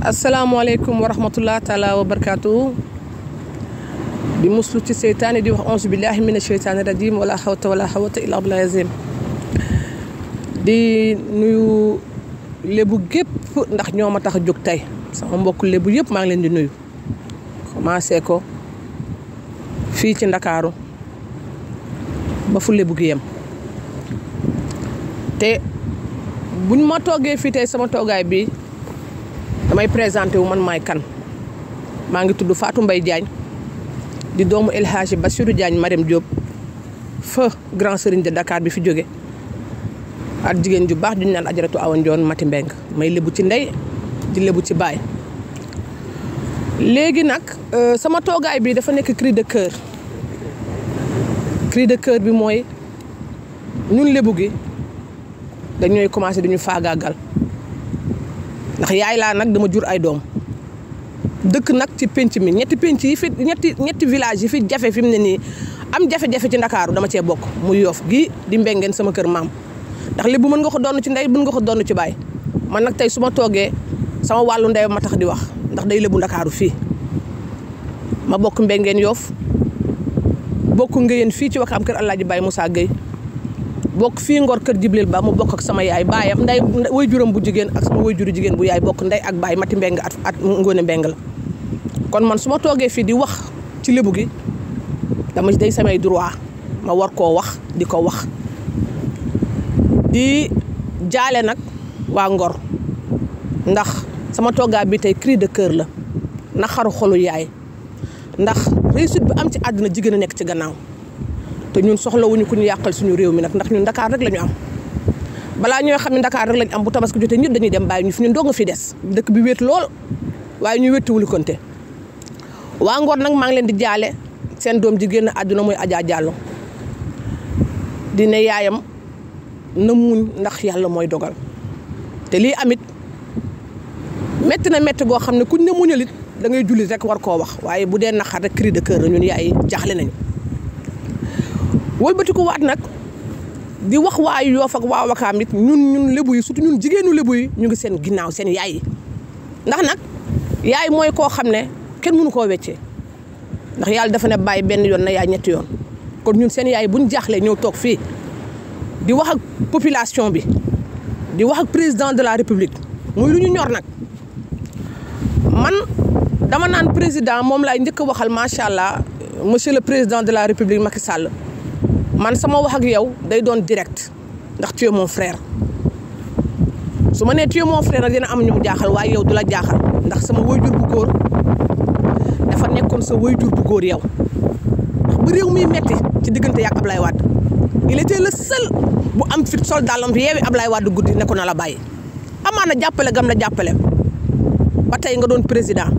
asalaamaaleykum wa rahmatullah taala wa barakaatu di muslu ci seytaane di wax auzu mina seytaani rajim wala xawta wala xawata illa billahi azim di nuyu lébu gépp ndax ñoo ma tax a jóg tey sama mbokk lébu yépp maa ngi leen di nuyu commencé ko fii ci ndakaaru ba fu lébu gi yem te buñ ma toogee fii tey sama toogaay bi damay présenté wu man maay kan maa ngi tudd faatu mbay Diagne di doomu El Hadji Bassirou Diagne Marème Diop fa grand serigne de dakaar bi fi jóge ak jigéen ju baax duñ naan ajaratu awan joon Mati Mbeng may lébu ci ndey di lébu ci baay léegi nag euh, sama toogaay bi dafa nekk cris de cœur cri de cœur bi mooy ñun lébu gi dañooy commencé dañu faagaagal ndax yaay laa nag dama jur ay doom dëkk nag ci pénc mi ñetti pénc yi fi ñetti ñetti village yi fi jafe fi mu ne nii am jafe-jafe ci ndakaaru dama cee bokk mu yoof gi di mbengeen sama kër maam ndax li bu mën nga ko doon ci ndey mën nga ko doon ci baay man nag tey su ma toogee sama wàllu ndey ma tax di wax ndax day lebu ndakaaru fii ma bokk mbengeen yoof bokk ngéyeen fii ci am kër ji Baay Moussa Gueye bokk fii Ngor kër Jibril Ba mu bokk ak sama yaay baayam nday way juram bu jigéen ak sama way juru jigéen bu yaay bokk nday ak baay mati mbeng at at ngóone mbeng la kon man su ma toogee fii di wax ci lébu gi dama day samay droit ma war koo wax di ko wax di jaale nag waa Ngor ndax sama toogaa bi tey cris de cœur la naxaru xolu yaay ndax réussite bi am ci àdduna jigéen a nekk ci gannaaw te ñun soxlawuñu ku ñu yàqal suñu réew mi nag ndax ñun Dakar rek lañu am balaa ñoo xam ne Dakar rek lañ am bu tabaski jotee ñëpp dañuy dem bàyyi ñu fi ñun dong nga fi des dëkk bi wéet lool waaye ñu wéttiwul konte waa Ngor nag maa ngi leen di jaale seen doom ji génn àdduna mooy ajaa Diallo dina yaayam na muñ ndax yàlla mooy dogal te lii amit métti na métti goo xam ne kuñ ne muñalit da ngay jullit rek war koo wax waaye bu dee naqar rek cri de cœur la ñun yaay jaaxle nañu wëlbatiku waat nag di wax waayu Yoof ak waa Wakaam it ñun ñun lébu yi surtout ñun jigéenu lébu yi ñu ngi seen ginnaaw seen yaay yi ndax nag yaay mooy koo xam ne kenn mënu koo weccee ndax yàlla dafa ne bàyyi benn yoon na yaay ñetti yoon kon ñun seen yaay buñ jaaxlee ñëw toog fii di wax ak population bi di wax ak président de la république muy lu ñu ñor nag man dama naan président moom lay njëkk waxal macha allah monsieur le président de la république Macky Sall. man sama wax ak yow day doon direct ndax tu es mon su ma nee tu es mon frère dina am ñu mu jaaxal waaye yow du la jaaxal ndax sama wayjur bu góor dafa nekkoon sa wayjur bu góor yow ndax bu réew muy metti ci diggante yàgg Ablaye Wade il était le seul bu am fit sol dàllam yeewi Ablaye Wade guddi ne ko na la bàyyi amaana jàppale gam la jàppale ba tey nga doon président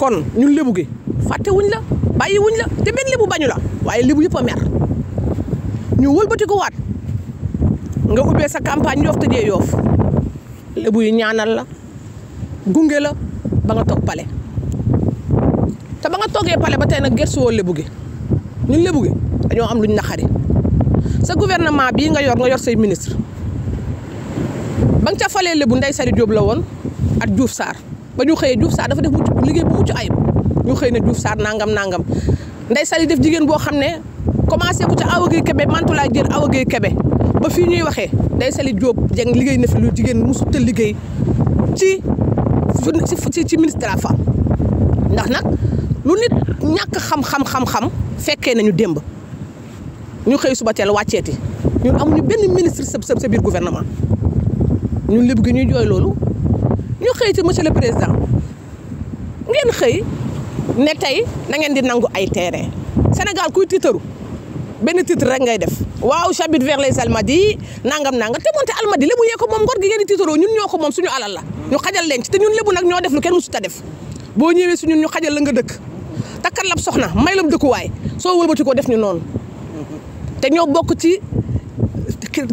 kon ñu lébu gi fàtte wuñ la bàyyi wuñ la te benn libu bañu la waaye libu yëpp a mer ñu wëlbati ko waat nga ubbee sa campagne yoof tëjee yoof libu yi ñaanal la gunge la ba nga toog pale te ba nga toogee pale ba tey nag gëstuwoo libu gi ñun libu gi dañoo am luñ naqari sa gouvernement bii nga yor nga yor say ministre ba nga ca falee libu Ndeye Saly la woon ak Diouf saar ba ñu xëyee Diouf Sarr dafa def mucc liggéey bu mucc ay ñu xëy na Diouf Sarr nangam nangam nday Saly def jigéen boo xam ne commencé ko ca Awa Gueye Kébé Mantoulaye Diène Awa Gueye ba fii ñuy waxee Ndeye Saly jóob Dieng liggéey na fi lu jigéen mosut a liggéey ci ci ci ministre de la femme ndax nag lu nit ñàkk xam-xam xam-xam fekkee nañu démb ñu xëy suba teel wàcceeti ñun amuñu benn ministre sëb sëb sa biir gouvernement ñun lépp gi ñuy jooy loolu ñu xëy ci monsieur le président ngeen xëy. ne tey nangeen ngeen di nangu ay terrain Sénégal kuy tiitaru benn titre rek ngay def waaw j'habite vers les Almadies nangam nangam te moonte Almadies lépp yee ko moom ngor gi ngeen di tiitaroo ñun ñoo ko moom suñu alal la ñu xajal leen ci te ñun lébu nag ñoo def lu kenn musuta def boo ñëwee ñun ñu xajal la nga dëkk takkal lab soxna may la lam dëkkuwaay soo wëlbati ko def ñu noonu te ñoo bokk ci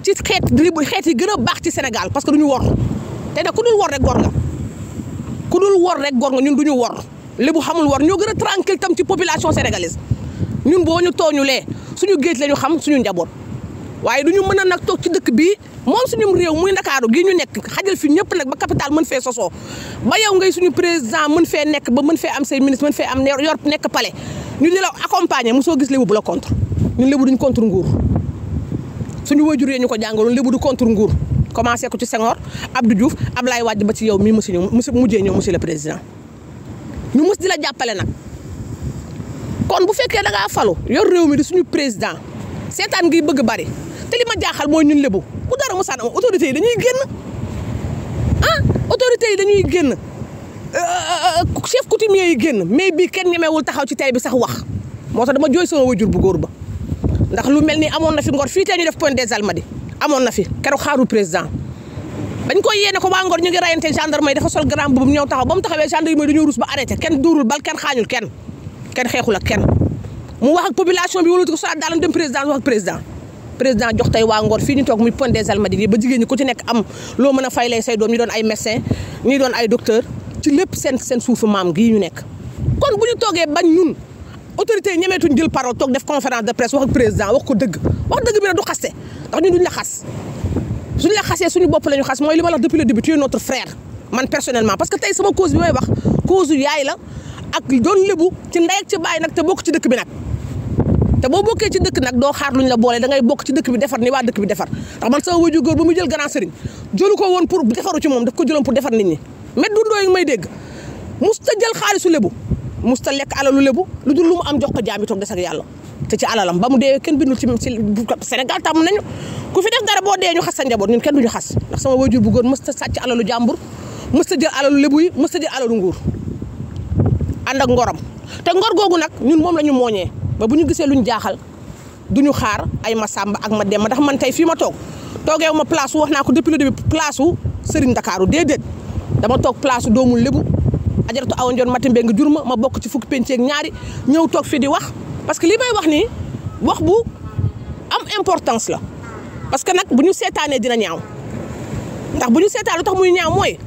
ci xeet lébu xeet yi gën a baax ci Sénégal parce que du ñu wor te nag ku dul wor rek gor nga ku dul wor rek gor nga ñun du ñu wor li xamul war ñoo gën a tranquille tam ci population sénégalaise ñun boo ñu tooñulee suñu géej la ñu xam suñu njaboot waaye du ñu mën a nag toog ci dëkk bii moom suñu réew muy ndakaaru gii ñu nekk xajal fi ñëpp nag ba capital mën fee sosoo ba yow ngay suñu président mën fee nekk ba mën fee am say ministre mën fee am yor nekk palais ñu di la accompagner mosoo gis lébu bu la contre ñun lébu duñ contre nguur suñu waajur yi ñu ko jàngaloon lébu du contre nguur commencé ko ci Senghor Abdou Diouf Ablaye Wade ba ci yow mii mu si ñëw mu mujjee ñëw monsieur le président ñu mus di la jàppale nag kon bu fekkee da a falu yor réew mi di suñu président seetaan ngi bëgg bari te li ma jaaxal mooy ñun lébu bu dara mu sànn autorités yi dañuy génn ah autorités yi dañuy génn euh, euh, chef coutumier yi génn mais bii kenn ñemewul taxaw ci télé bi sax wax moo tax dama jooy sama wajur bu góor ba ndax lu mel ni amoon na fi ngor fii tey ñu def point des Almadies amoon na fi keroog xaaru président bañ koy yéene ko waa Ngor ñu ngi rayante gendarmerie dafa sol grand boobu ñëw taxaw ba mu taxawee gendarmerie dañoo rus ba arrêté kenn duurul bal kenn xaañul kenn kenn xeexul kenn mu wax ak population bi wóolutu ko solaat daalam wax ak président président tey waa Ngor fii ñu toog muy pont des Almadies ba jigéen ñi ku a fay lay say doom ñi doon ay médecin ñi doon ay seen seen suufu maam gii ñu nekk kon bu ñu toogee bañ ñun autorités yi ñemeetuñ jël parole toog wax ak président wax ko dëgg wax dëgg bi ne du xaste ndax ñun duñ la xas suñu la xasee suñu bopp lañu ñu xas mooy li ma la depuis le début tu es notre frère man personnellement parce que tey sama cause bi may wax cause yaay la ak doon lébu ci ndey ak ci baay nag te bokk ci dëkk bi nag te boo bokkee ci dëkk nag doo xaar luñ la boole da ngay bokk ci dëkk bi defar ni waa dëkk bi defar ndax man sama waju mu jël grand sëriñ jëlu ko woon pour defaru ci moom daf ko jëloon pour defar nit ñi mais dundoo yi may dégg mus ta jël xaalisu lébu mus ta lekk alalu lébu lu dul lu mu am jox ko jaam yi toog des yàlla te ci alalam ba mu dee kenn bindul ci Sénégal tàmm nañu ku fi def dara boo dee ñu xas sa njaboot ñun kenn duñu xas ndax sama waajur bu góor mës ta sàcc alalu jàmbur mës ta jël alalu lébu yi mës jël alalu nguur ànd ak ngorom te ngor googu nag ñun moom la ñu mooñee ba bu ñu gisee lu ñu jaaxal du ñu xaar ay ma sàmba ak ma dem ma ndax man tey fii ma toog toogeewu ma place wax naa ko depuis le début place u Serigne Ndakaaru déedéet dama toog place u doomu lébu ajaratu awa njoon mati nga jur ma ma bokk ci fukki penceeg ñaari ñëw toog fii di wax parce que li may wax nii wax bu am importance la parce que nag bu ñu seetaanee dina ñaaw ndax bu ñu seetaan lu tax muy ñaaw mooy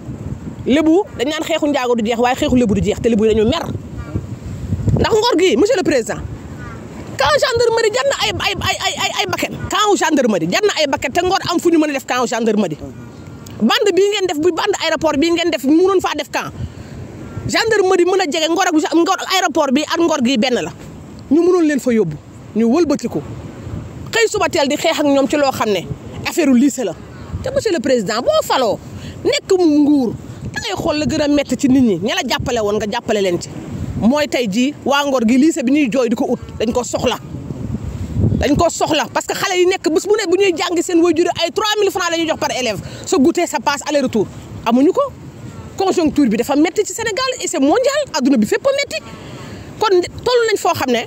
lébu dañ ñaan xeexu njaago du jeex waaye xeexu lébu du jeex te lébu yi dañu mer ndax ngor gi monsieur le président camp gendarmerie jar na ay ay ay ay ay baket camp gendarmerie jar na ay baket te ngor am fu ñu mën def def camp gendarmerie bande bi ngeen def bu bande aéroport bii ngeen def mënoon faa def camp gendarmerie mën a jege ngor ak ngor aéroport bi ak ngor gi benn la ñu mënoon leen fa yóbbu ñu wëlbatiku xëy suba teel di xeex ak ñoom ci loo xam ne affaire u la te monsieur le président boo faloo nekk mu nguur da ngay xool la gën a métti ci nit ñi ña la jàppale woon nga jàppale leen ci mooy tey jii waa Ngor gi lycée bi ñuy jooy di ko ut dañ ko soxla dañ ko soxla parce que xale yi nekk su mu nekk bu ñuy jàngi seen waajur ay 3000 francs la ñuy jox par élève sa goûter sa passe aller retour amuñu ko conjoncture bi dafa métti ci Sénégal et c'est mondial adduna bi fépp a métti kon toll nañ foo xam ne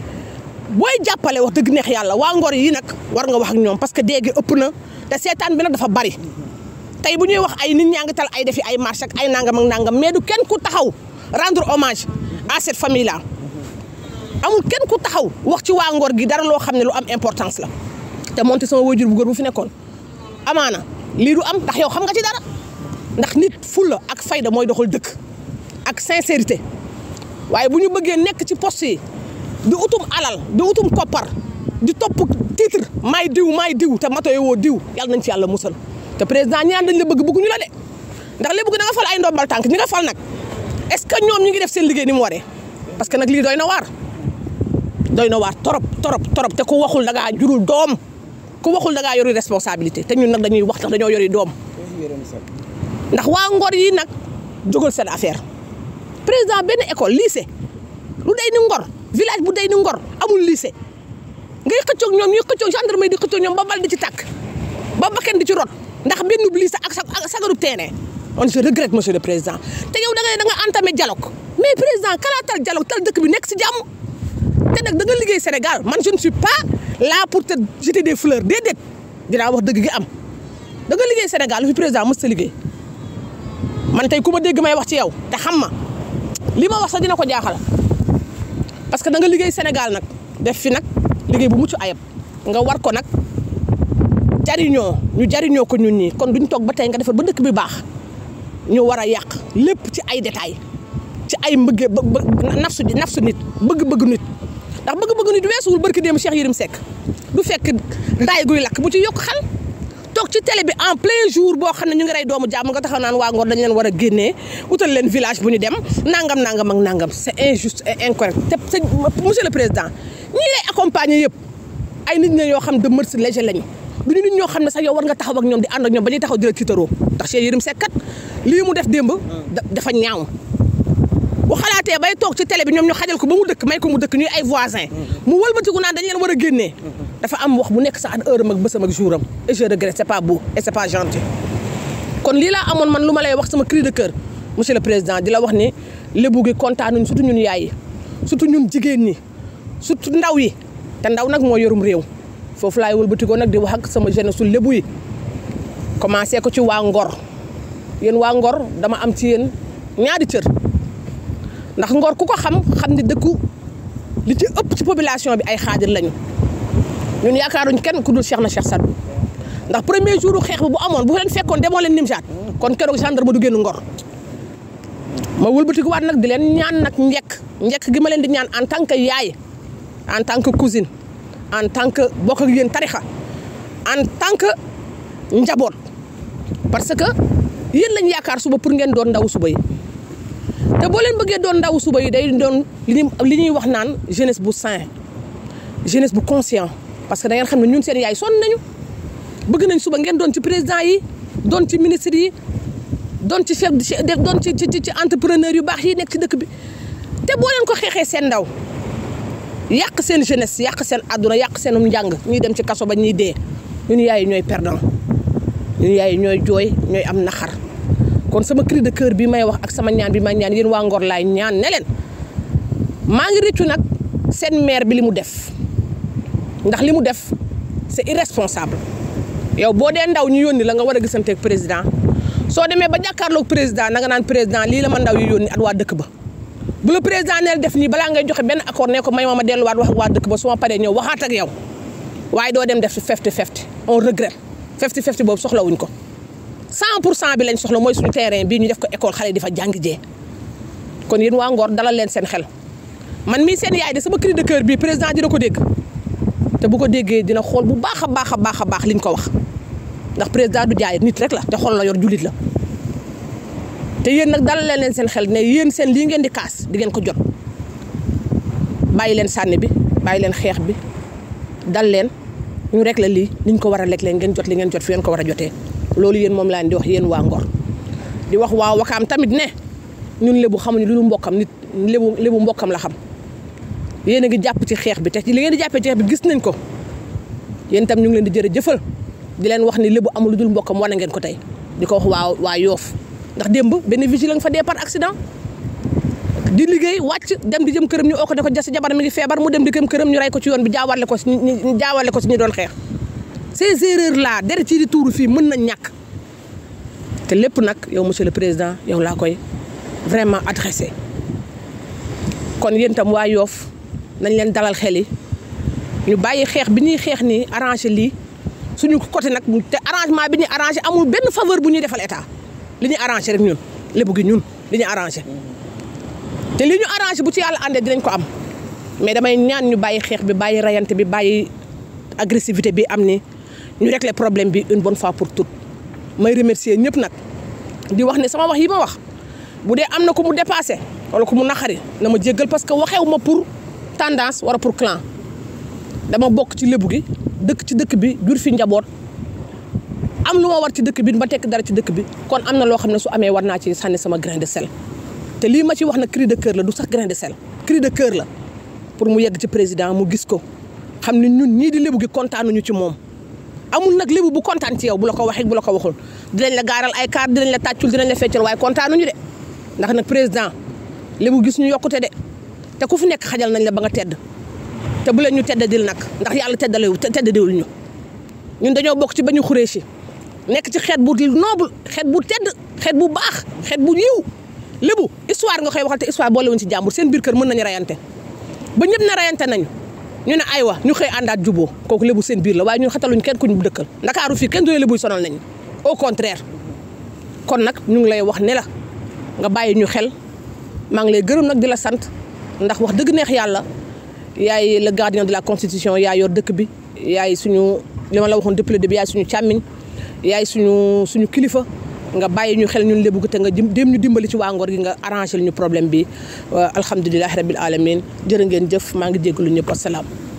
booy jàppale wax dëgg neex yàlla waa ngor yi nag war nga wax ak ñoom parce que déegi ëpp na te seetaan bi nag dafa bari tey bu ñuy wax ay nit ñaa ngi tal ay defi ay marché ay nangam ak nangam mais du kenn ku taxaw rendre hommage à cette famille am amul kenn ku taxaw wax ci waa ngor gi dara loo xam ne lu am importance la te moonte sama waajur bu góor bu fi nekkoon amaana lii du am ndax yow xam nga ci dara ndax nit fulla ak fayda mooy doxal dëkk ak sincérité waaye bu ñu bëggee nekk ci poste yi di utum alal di utum koppar di topp titre maay diw maay diw te matoy woo diw yàlla nañ ci yàlla musal te président ñaan dañ la bëgg bëgguñu la de ndax li bëgg da nga fal ay ndombal tànk ñi nga fal nag est ce que ñoom ñu ngi def seen liggéey ni mu waree parce que nag lii doy na waar doy na waar torop torop torop te ku waxul da ngaa jurul doom ku waxul da ngaa yori responsabilité te ñun nag dañuy wax tax dañoo yori doom ndax waa ngor yi nag jógal seen affaire président benn école lycée lu day ni ngor village bu day ni Ngor amul lycée ngay xëccoog ñoom ñuy xëccoog gendarmerie di xëccoog ñoom ba bal di ci takk ba bakken di ci rot ndax benn lycée ak sagarub teenee on se regrette monsieur de président te yow da nga ne da nga entamé dialogue mais président kalaa tal dialogue nekk si jàmm te nag da nga liggéey Sénégal man je ne suis pas là pour te jeter des fleurs déedéet dinaa wax dëgg gi am da nga liggéey Sénégal lu fi président mës ta liggéey man tey ku ma dégg may wax ci yow te xam ma li ma wax sax dina ko jaaxal parce que da nga liggéey Sénégal nag def fi nag liggéey bu mucc ayib nga war ko nag jariñoo ñu jariñoo ko ñun ñii kon duñ toog ba tey nga defar ba dëkk bi baax ñu war a yàq lépp ci ay détail ci ay mbëggee nafsu nafsu nit bëgg-bëgg nit ndax bëgg-bëgg nit weesuwul barki démb Cheikh Yérim sekk du fekk ndaay guy lakk bu ci yokk xal toog ci télé bi en plein jour boo xam ne ñu ngi rey doomu jàmm nga taxaw naan waa Ngor dañu leen war a génnee utal leen village bu ñu dem nangam nangam ak nangam c' est injuste et incorrect te monsieur le président ñii lay accompagner yëpp ay nit ña yoo xam de merci léger lañu du ñu nit ñoo xam ne sax yow war nga taxaw ak ñoom di ànd ak ñoom ba ñuy taxaw di la tiitaroo ndax Cheikh Yérim Seck kat lii mu def démb. dafa ñaaw. bu xalaatee bay toog ci télé bi ñoom ñu xajal ko ba mu dëkk may ko mu dëkk ñuy ay voisins. mu wëlbatiku naan dañu war a génnee. dafa am wax bu nekk sa ak heure am ak bésam ak jour am et je regrette c'est pas beau c'est pas gentil kon lii laa amoon man lu ma lay wax sama cri de cœur le président di la wax ne lébu gi kontaanuñ surtout ñun yaay yi surtout ñun jigéen ñi surtout ndaw yi te ndaw nag moo yorum réew foofu laay wëlbatikoo nag di wax ak sama jeunesse su lébu yi commencé ko ci waa Ngor yéen waa Ngor dama am ci yéen ñaari cër ndax Ngor ku ko xam xam ni dëkku li ci ëpp ci population bi ay xaadir lañu. ñun yaakaaruñ kenn ku dul Cheikh na Cheikh Sadou ndax premier jour xeex bi bu amoon boo leen fekkoon demoo leen Nimjaat kon keroog gendarme du génn Ngor ma wëlbatiku waat nag di leen ñaan nag njekk njekk gi ma leen di ñaan en tant que yaay en tant que cousine en tant que bokk ak yéen tarixa en tant que njaboot parce que yéen lañ yaakaar suba pour ngeen doon ndaw suba yi te boo leen bëggee doon ndaw suba yi day doon li ñuy li ñuy wax naan jeunesse bu sain jeunesse bu conscient parce que da xam ne ñun seen yaay sonn nañu bëgg nañ suba ngeen doon ci président yi doon ci ministre yi doon ci chef doon ci ci ci entrepreneur yu baax yi nekk ci dëkk bi te boo leen ko xeexee seen ndaw yàq seen jeunesse yàq seen àdduna yàq seenum njàng ñuy dem ci kaso ba ñii dee ñun yaay ñooy perdant ñun yaay ñooy jooy ñooy am naxar kon sama cri de cœur bi may wax ak sama ñaan bi ma ñaan yéen waa Ngor laay ñaan ne leen maa ngi rëccu nag seen maire bi li mu def ndax li mu def c'est irresponsable yow boo dee ndaw ñu yónni la nga war a gisanteeg président soo demee ba jàkkaarloog président na nga naan président lii la ma ndaw yu yónni at waa dëkk ba bu la président neel def nii balaa ngay joxe benn accord ne ko may ma ma delluwaat wax ak waa dëkk ba su ma paree ñëw ak yow waaye doo dem def ci fefti fefti on regrette fefti fefti boobu wuñ ko 100 pour cent bi lañ soxla mooy suñu terrain bii ñu def ko école xale di fa jàngi jee kon yéen waa dalal leen seen xel man mii seen yaay de sama cri de cœur bii président dina ko dégg. te bu ko déggee dina xool bu baax a baax a baax a baax liñ ko wax ndax président du jaay nit rek la te xol la yor jullit la te yéen nag dalal leen seen xel ne yéen seen lii ngeen di kaas di ngeen ko jot bàyyi leen sànni bi bàyyi leen xeex bi dal leen ñu rek la lii liñ ko war a lekk leen ngeen jot li ngeen jot fi ngeen ko war a jotee loolu yéen moom laa di wax yéen waa Ngor di wax waa Wakaam tamit ne ñun lébu xamuñu lu dul mbokkam nit lébu lébu mbokkam la xam yéen ngi jàpp ci xeex bi te li ngeen di jàppee ci xeex bi gis nañ ko yéen itam ñu ngi leen di jëfal di leen wax ni léebu amul lu dul mbokkam wane ngeen ko tey di ko wax waa yoof ndax démb benn vigile nga fa dee par accident di liggéey wàcc dem di jëm këram ñu oo ko ne ko jasi jabar mi ngi feebar mu dem di jëm këram ñu rey ko ci yoon bi jaawale ko si ñu jaawale ko si ñu doon xeex ces erreurs là deret ci di tuuru fii mën na ñàkk te lépp nag yow monsieur le président yow laa koy vraiment adressé kon yéen itam waa yoof nañ leen dalal xel ñu bàyyi xeex bi ñuy xeex nii arrangé lii suñu côté nag te arrangement bi ñu arrangé amul benn faveur bu ñuy defal état li ñu arrangé rek ñun lébu gi ñun li ñu arrangé te li ñu arrangé bu ci yàlla àndee dinañ ko am mais damay ñaan ñu bàyyi xeex bi bàyyi rayante bi bàyyi agressivité bi am ni ñu régler problème bi une bonne fois pour toutes may remercier ñëpp nag di wax ne sama wax yi ma wax bu dee am na ko mu dépassé wala ko mu naqari na tendance wara pour clan dama bokk ci lébu gi dëkk ci dëkk bi jur fi njaboot am lu ma war ci dëkk bi ba tekk dara ci dëkk bi kon am na loo xam ne soo amee war naa ci sànni sama grain de te lii ma ci wax na cri de kër la du sax grain de sel cri de cœur la pour mu yegg ci président mu gis ko xam ne ñun ñii di lébu gi kontaanuñu ci moom amul nag lébu bu kontaan ci yow bu la ko waxee bu la ko waxul dinañ la gaaral ay kaar dinañ la tàccul dinañ la feccal waaye kontaanuñu de ndax nag président lébu gis ñu yokkute de te ku fi nekk xajal nañ la ba nga tedd te bu leen ñu tedd dil nag ndax yàlla teddale tedd diwul ñu ñun dañoo bokk ci ba ñu xuree si nekk ci xeet bu noble xeet bu tedd xeet bu baax xeet bu yiw lébu histoire nga koy waxal te histoire boole wuñ ci jàmbur seen biir kër mën nañu rayante ba ñëpp na rayante nañu ñu ne aywa ñu xëy àndaat juboo kooku lébu seen biir la waaye ñun xataluñ kenn bu dëkkal ndakaaru fii kenn doyee lébuy sonal nañu contraire kon nag ñu ngi lay wax ne la nga bàyyi ñu xel maa ngi lay gërëm nag di la sant ndax wax dëgg neex yàlla yaay le gardien de la constitution yaa yor dëkk bi yaay suñu li ma la waxoon depuis le début yaay suñu càmmiñ yaay suñu suñu kilifa nga bàyyi ñu xel ñun lébu gi te nga dem ñu dimbali ci waa Ngor gi nga arrangé ñu problème bi alhamdulilahi rabil alamin jërë ngeen jëf maa ngi lu ñu ñëpp asalaam